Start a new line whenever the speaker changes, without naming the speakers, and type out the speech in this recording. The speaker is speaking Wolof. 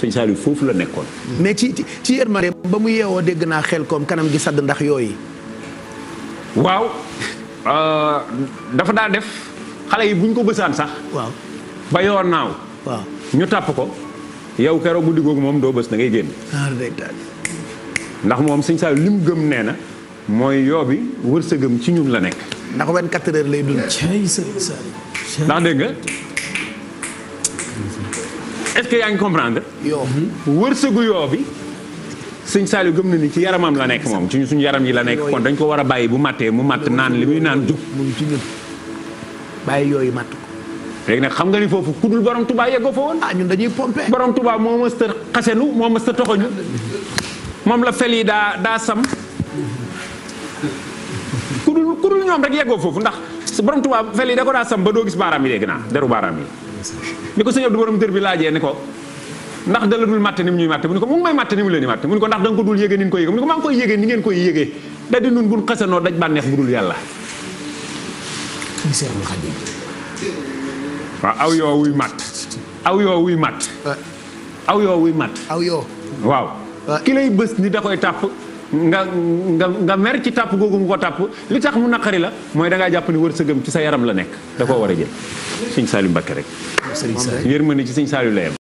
sëñ Saliou foofu la nekkoon. mais ci ci yërmande ba mu yeewoo dégg naa xel koom kanam gi sadd ndax yooyu. waaw euh, dafa daal def xale yi bu ñu ko bësaan sax. waaw ba yoo naaw. waaw ñu tàpp ko yow keroog bu diggoog moom doo bës da ngay génn. ndax moom sëñ Saliou li gëm nee na mooy yoo bi wërsëgëm ci ñun la nekk. ndax 24 heures lay dund. ndax dégg nga. est-ce que yaa ngi comprendre. yoo mm-hmm. wërsëgu yoo bi. sëñ gëm na ni ci yaramam la nekk moom ci suñu yaram yi la nekk kon dañ ko war a bàyyi bu mattee mu matt naan li muy naan mu jug. bàyyi yooyu matt ko. léegi nag xam nga ni foofu ku dul borom Touba yeggoo ah, ñun dañuy pompé. borom Touba moo mës ta xasenu moo mës ta toxoñu moom la fel daa daa sam. ku dul ku dul ñoom rek foofu ndax borom Touba fel yi da ko daa sam ba doo gis baaraam yi dégg naa deru baaraam yi. bi ko sëñ Abdou borom dër bi laajee ni ko ndax da la dul matte ni mu ñuy matte mu ni ko mu ngi may matte ni mu leen di mu ni ko ndax da ko dul yégee ni ñu koy yégee mu ni ko maa koy yégee ni ngeen koy yégee da di nun buñ xasanoo daj bànneex bu dul yàlla waaw aw wuy matt aw yoo wuy matt aw yoo wuy matt eh. aw waaw eh. ki bës ni da koy tàpp nga nga nga mer ci tàpp googu mu ko tàpp li tax mu naqari la mooy da ngaa jàpp ni wërsëgam ci sa yaram la nekk da koo war a jël sëñ Saliou Mbacké rek yërmande ci sëñ Saliou la yem